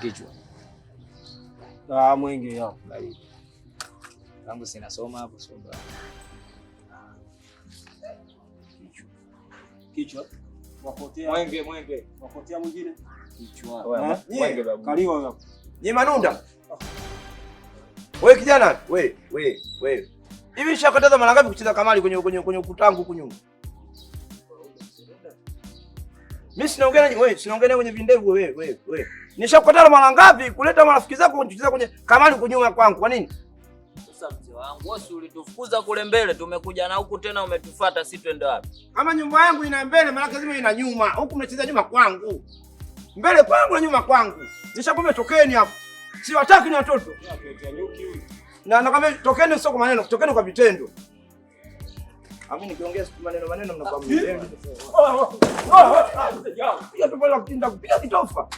kichwa ah, mwingi hapo baridi. Tangu sinasoma hapo ah. Kichwa. Mwenge mwenge. Wakotea mwingine. Kichwa. Oh, mwenge babu. Kaliwa hapo. Ni manunda. Wewe kijana, wewe, wewe, wewe. Hivi shakataza mara ngapi kucheza kamari kwenye kwenye kwenye ukutangu huko Mimi sinaongea na wewe, sinaongea kwenye vindevu wewe wewe wewe. Nishakukataza mara ngapi kuleta marafiki zako kunichukiza kwenye kamani kunyuma kwangu? Kwa nini? Sasa mzee wangu, wewe si ulitufukuza kule mbele, tumekuja na huku tena umetufuata, si twende wapi? Kama nyumba yangu ina mbele, maana lazima ina nyuma. Huku mnacheza nyuma kwangu. Mbele kwangu na nyuma kwangu. Nishakwambia tokeni hapo. Siwataki ni watoto. Na nakwambia tokeni sio kwa maneno, tokeni kwa vitendo. Ami nikiongea siku maneno maneno mnakuwa ah, eh, eh, eh, tupala kutinda kupiga kitofa.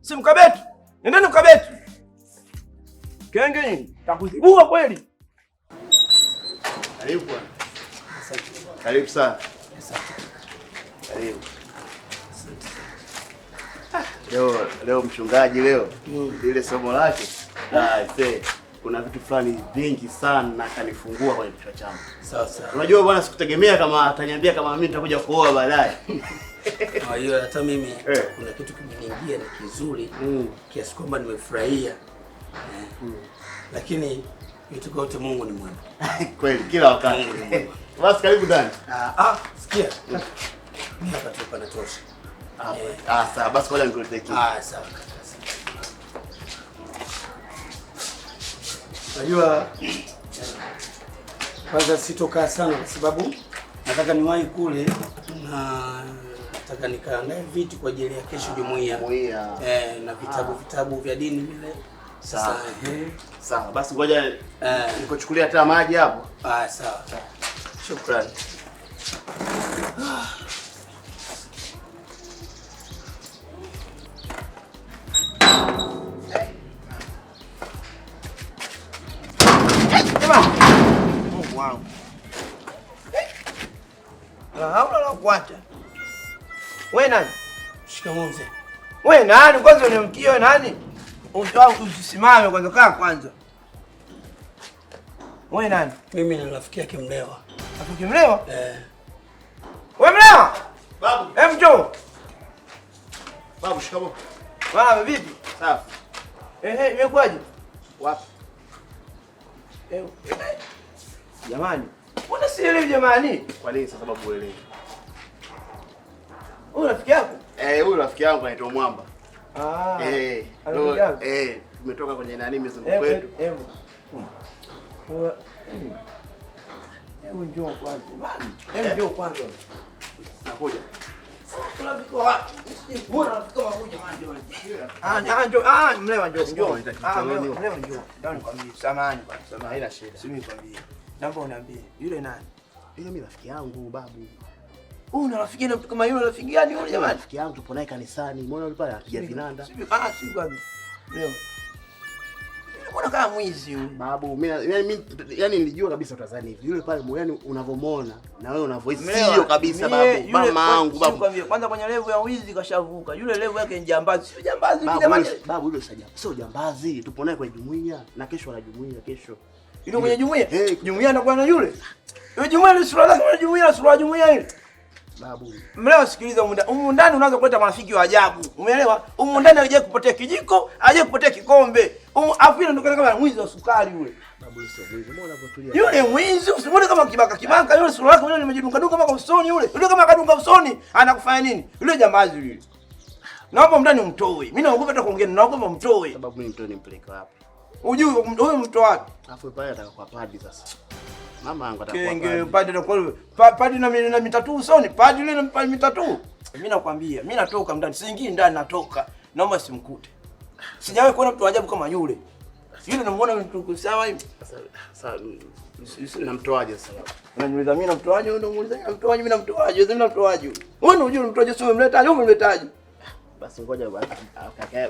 Si mkabetu. Nendeni mkabetu. Kenge nini? Takuzibua kweli. Karibu bwana. Karibu sana. Karibu. Leo leo mchungaji leo mm. ile somo lake. Ah, see kuna vitu fulani vingi sana na kanifungua kwenye kichwa changu. Sasa unajua bwana, sikutegemea kama ataniambia kama mimi nitakuja kuoa baadaye. Kwa hiyo hata mimi eh, kuna kitu kimeingia ni kizuri mm, kiasi kwamba nimefurahia eh, mm, lakini vitu kote Mungu ni mwema kweli, kila wakati basi. Karibu ndani. Ah, ah, sikia mm. mimi hapa tu panatosha. Ah, eh. ah, sawa basi, ngoja nikuletee kitu. Ah, sawa. Unajua, kwanza sitokaa sana kwa sababu nataka niwahi kule na nataka nikaandae viti kwa ajili ya kesho jumuiya eh, na vitabu ah. vitabu vya dini vile. Sawa. Sawa. Basi ngoja eh. nikuchukulia hata maji hapo. Ah, sawa. Shukrani. Shikamoo mzee. Wewe nani kwanza unamkia wewe nani? Usimame kwanza kaa kwanza. Wewe nani? Mimi ni rafiki yake Mlewa. Rafiki Mlewa? Eh. Wewe Mlewa? Babu. Hem jo. Babu shikamoo. Baba vipi? Safi. Eh eh, imekwaje? Wapi? Eh, eh. Jamani. Mbona sielewi jamani? Kwa nini sasa babu uelewi? Wewe rafiki yako? Eh, huyu rafiki yangu anaitwa Mwamba. Ah. Eh, eh, tumetoka kwenye nani mizunguko yetu. Hebu. Hebu hmm. hmm. njoo kwanza. Hebu njoo kwanza. Nakuja. Naomba uniambie yule nani? Yule mi rafiki yangu babu. Huyu una rafiki na mtu kama yule, rafiki gani yule jamani? Rafiki yangu tupo naye kanisani. Umeona yule pale akija vinanda. Ah, si bwana. Leo. Mbona kama mwizi huyu? Babu, mimi yani mimi yani nilijua kabisa utazani hivi. Yule pale yani unavomona na wewe unavoisi sio kabisa babu. Mama yangu babu. Kwanza kwenye level ya wizi kashavuka. Yule level yake ni jambazi. Sio jambazi yule jamani. Babu yule sio jambazi. Sio jambazi. Tupo naye kwa jumuiya na kesho ana jumuiya kesho. Yule kwenye jumuiya? Jumuiya anakuwa na yule. Yule jumuiya ni sura yake, jumuiya sura jumuiya ile babu. Mleo sikiliza, umundani. Umundani unaanza kuleta marafiki wa ajabu. Umeelewa? Umundani ndani kupotea kijiko, hajai kupotea kikombe. Humu afu kama mwizi wa sukari yule. Babu sio mwizi. Mbona unapotulia? Yule mwizi, usimwone kama kibaka kibaka, yule sura yake yule imejidunga dunga kama usoni yule. Yule kama kadunga usoni, anakufanya nini? Yule jambazi yule. Naomba mndani umtoe. Mimi naogopa hata kuongea, naogopa umtoe. Sababu mimi mtoe nimpeleke wapi? Ujui huyo mtoe wapi? Alafu pale atakakuwa padi sasa. Mama yangu atakuwa padri na kweli padri na mimi na mitatu usoni padri yule na mitatu. Mimi nakwambia mimi natoka ndani siingii ndani natoka. Naomba simkute. Sijawahi kuona mtu ajabu kama yule. Yule namuona mtu sawa hivi. Sasa sisi namtoaje sasa? Unaniuliza mimi namtoaje wewe unaniuliza mimi namtoaje mimi namtoaje mimi namtoaje. Wewe unajua mtoaje sio umemletaje yaani umemletaje. Basi ngoja basi. Kaka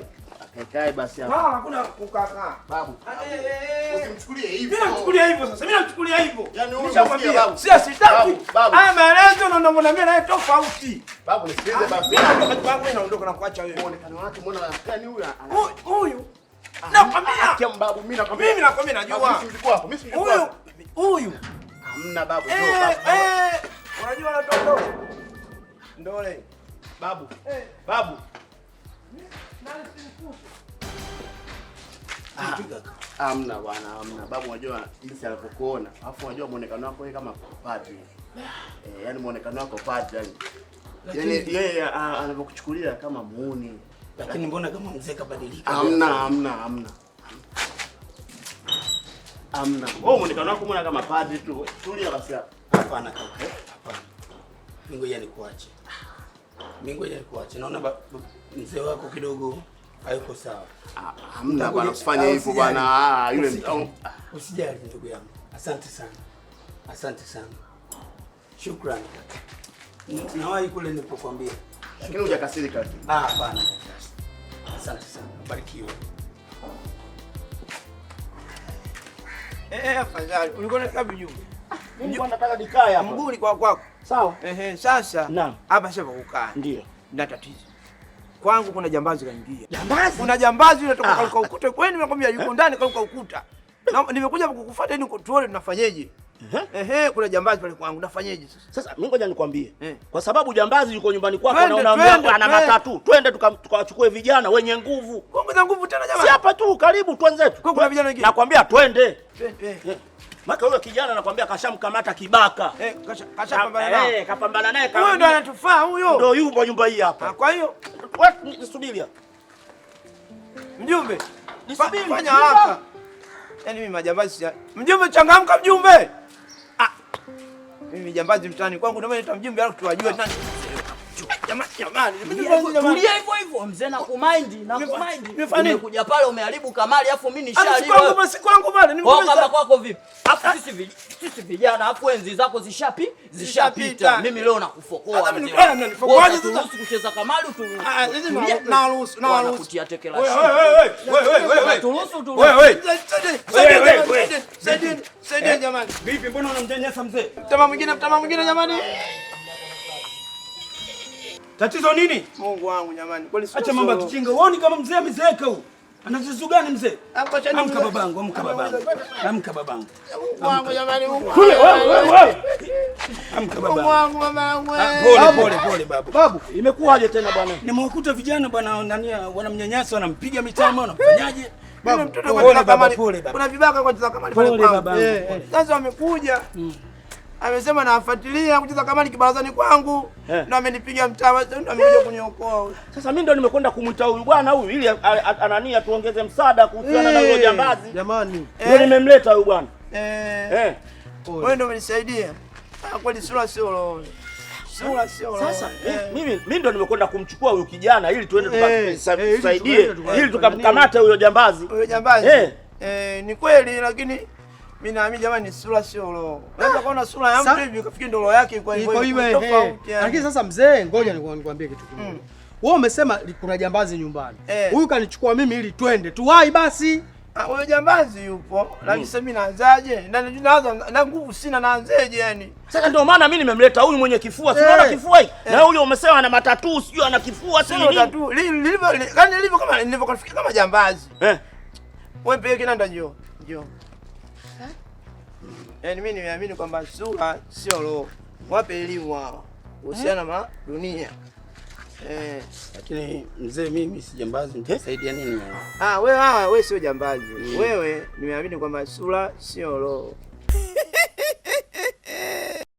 Kae basi hapo. Ah, hakuna kukakaa. Babu. Eh, eh, eh, usimchukulie hivyo. Mimi namchukulia hivyo sasa. Mimi namchukulia hivyo. Yaani wewe unamchukulia babu. Sio sitaki. Haya maelezo na ndio mwanamke naye tofauti. Babu nisikilize ah, basi. Mimi wakati wangu mimi naondoka na kuacha wewe. Muonekano wake muone yaani anakani huyu. Huyu. Ah, nakwambia. Ah, akia mbabu mimi nakwambia. Mimi nakwambia najua. Mimi simlikuwa hapo. Mimi simlikuwa Huyu. Huyu. Hamna babu. Eh, eh. Unajua anatoka. Ndole. Babu. Babu. Ah, amna bwana, amna babu, unajua jinsi alivyokuona, alafu unajua muonekano wako wewe kama padri eh, yani muonekano wako padri yani yeye yeye anavyokuchukulia ah, ah, kama muuni. Lakini mbona kama mzee kabadilika? Amna, amna, amna, amna. Wewe muonekano wako mbona kama padri tu? Tulia basi hapa. Hapana kaka, hapana, ngoja nikuache mimi ngoja nikuache. Naona mzee wako kidogo hayuko sawa. Ah, hamna bwana kufanya hivyo bwana. Ah, yule mtu usijali ndugu yangu. Asante sana. Asante sana. Shukrani kaka. Nawahi kule nilipokuambia. Lakini hujakasirika. Ah, hapana. Asante sana. Barikiwe. Eh, eh afadhali. Ulikuwa na sababu juu. Mimi nataka nikae hapa. Mguu kwa kwako. Sawa. Ehe, sasa hapa sasa kukaa. Ndio. Na tatizo. Kwangu kuna jambazi kaingia. Jambazi? Kuna jambazi linatoka ah. kwa ukuta. Kwani nimekwambia yuko ndani kwa ukuta. Na nimekuja kukufuata ili tuone tunafanyeje. Ehe, kuna jambazi pale kwangu nafanyeje sasa? Sasa mimi ngoja nikwambie. Eh. Kwa sababu jambazi yuko nyumbani kwako na unaambia ana matatu. Twende tukawachukue vijana wenye nguvu. Kwa nguvu tena jamaa. Si hapa tu karibu twenzetu. Kwa Kuna vijana wengine. Nakwambia twende. Twende. Eh. Maka huyo kijana anakuambia kashamkamata kibaka. Eh, kashapambana kasha Ka, Eh, kapambana naye kama. Huyo ndo anatufaa huyo. Ndio yupo nyumba hii hapa. Ah, kwa hiyo nisubiri hapa. Mjumbe, nisubiri. Fanya haraka. Yaani mimi majambazi. Mjumbe changamka mjumbe. Ah. Mimi jambazi mtani kwangu ndio mimi nitamjumbe alafu tuwajue nani. Tulia hivyo hivyo mzee, na kumaindi na kumaindi. Nimekuja pale umeharibu kamari, afu mimi ah, nishaliwa. kwangu pale, kama kwako vipi? Afu sisi sisi vijana, afu enzi zako zishapi zishapita. Mimi leo nakufokoa ah, mzee. kucheza kamari, uturuhusu. Na ruhusu, na turuhusu Vipi, mbona unamnyanyasa mzee? Mtama mwingine, mtama mwingine jamani. Tatizo nini? Mungu wangu jamani. Kwani sio. Acha mambo kijinga. Uone kama mzee amezeeka huyu. Ana tatizo gani mzee? Amka Amka babangu, amka babangu. Amka babangu. Mungu wangu jamani, Mungu. Kule wewe wewe. Amka babangu. Mungu wangu mama wewe. Ah, pole pole pole babu. Babu, imekuwaje tena bwana? Nimekuta vijana bwana nani wanamnyanyasa, wanampiga mitaa mitama, wanafanyaje? Babu, pole baba, pole baba. Kuna vibaka kwa tazama kama. Pole baba. Sasa wamekuja. Mm amesema nafuatilia kucheza kama ni kibarazani kwangu yeah. Ndio amenipiga mtawa, ndio amekuja eh. kuniokoa. Sasa mimi ndio nimekwenda kumwita huyu bwana huyu ili anani atuongeze msaada kuhusiana na huyo eh. jambazi. Jamani, wewe eh. nimemleta huyu bwana eh, Eh. wewe ndio umenisaidia ah, kweli, sura sio roho Sura, sio roho. Sasa mimi mimi ndo nimekwenda kumchukua huyu kijana ili tuende tukamsaidie ili tukamkamate huyo jambazi. Huyo jambazi. Eh. Eh, ni kweli lakini mimi naamini jamani, sura sio roho. Unaweza ah! kuona sura ya mtu hivi ukafikiri ndio roho yake iko hivyo. Lakini sasa mzee, ngoja mm. nikwambie kitu kimoja. Mm. Wewe umesema kuna jambazi nyumbani. Eh. Huyu kanichukua mimi ili twende. Tuwai basi. Ah, huyo jambazi yupo, mm. lakini sasa mimi naanzaje? Na nguvu sina, naanzeje yani? Sasa ndio maana mimi nimemleta huyu mwenye kifua, si unaona eh. kifua hiki? Eh. Na huyo umesema ana matatu, sio ana kifua, sio nini? Matatu. Lilivyo kama nilivyokufikia kama jambazi. Eh. Wewe peke yako njoo. Njoo. Yaani mimi nimeamini kwamba sura sio roho. Wape elimu hawa kuhusiana na dunia. Eh, lakini mzee, mimi si jambazi, nitasaidia nini? Ah, wewe wewe sio jambazi. Mm. Wewe nimeamini kwamba sura sio roho.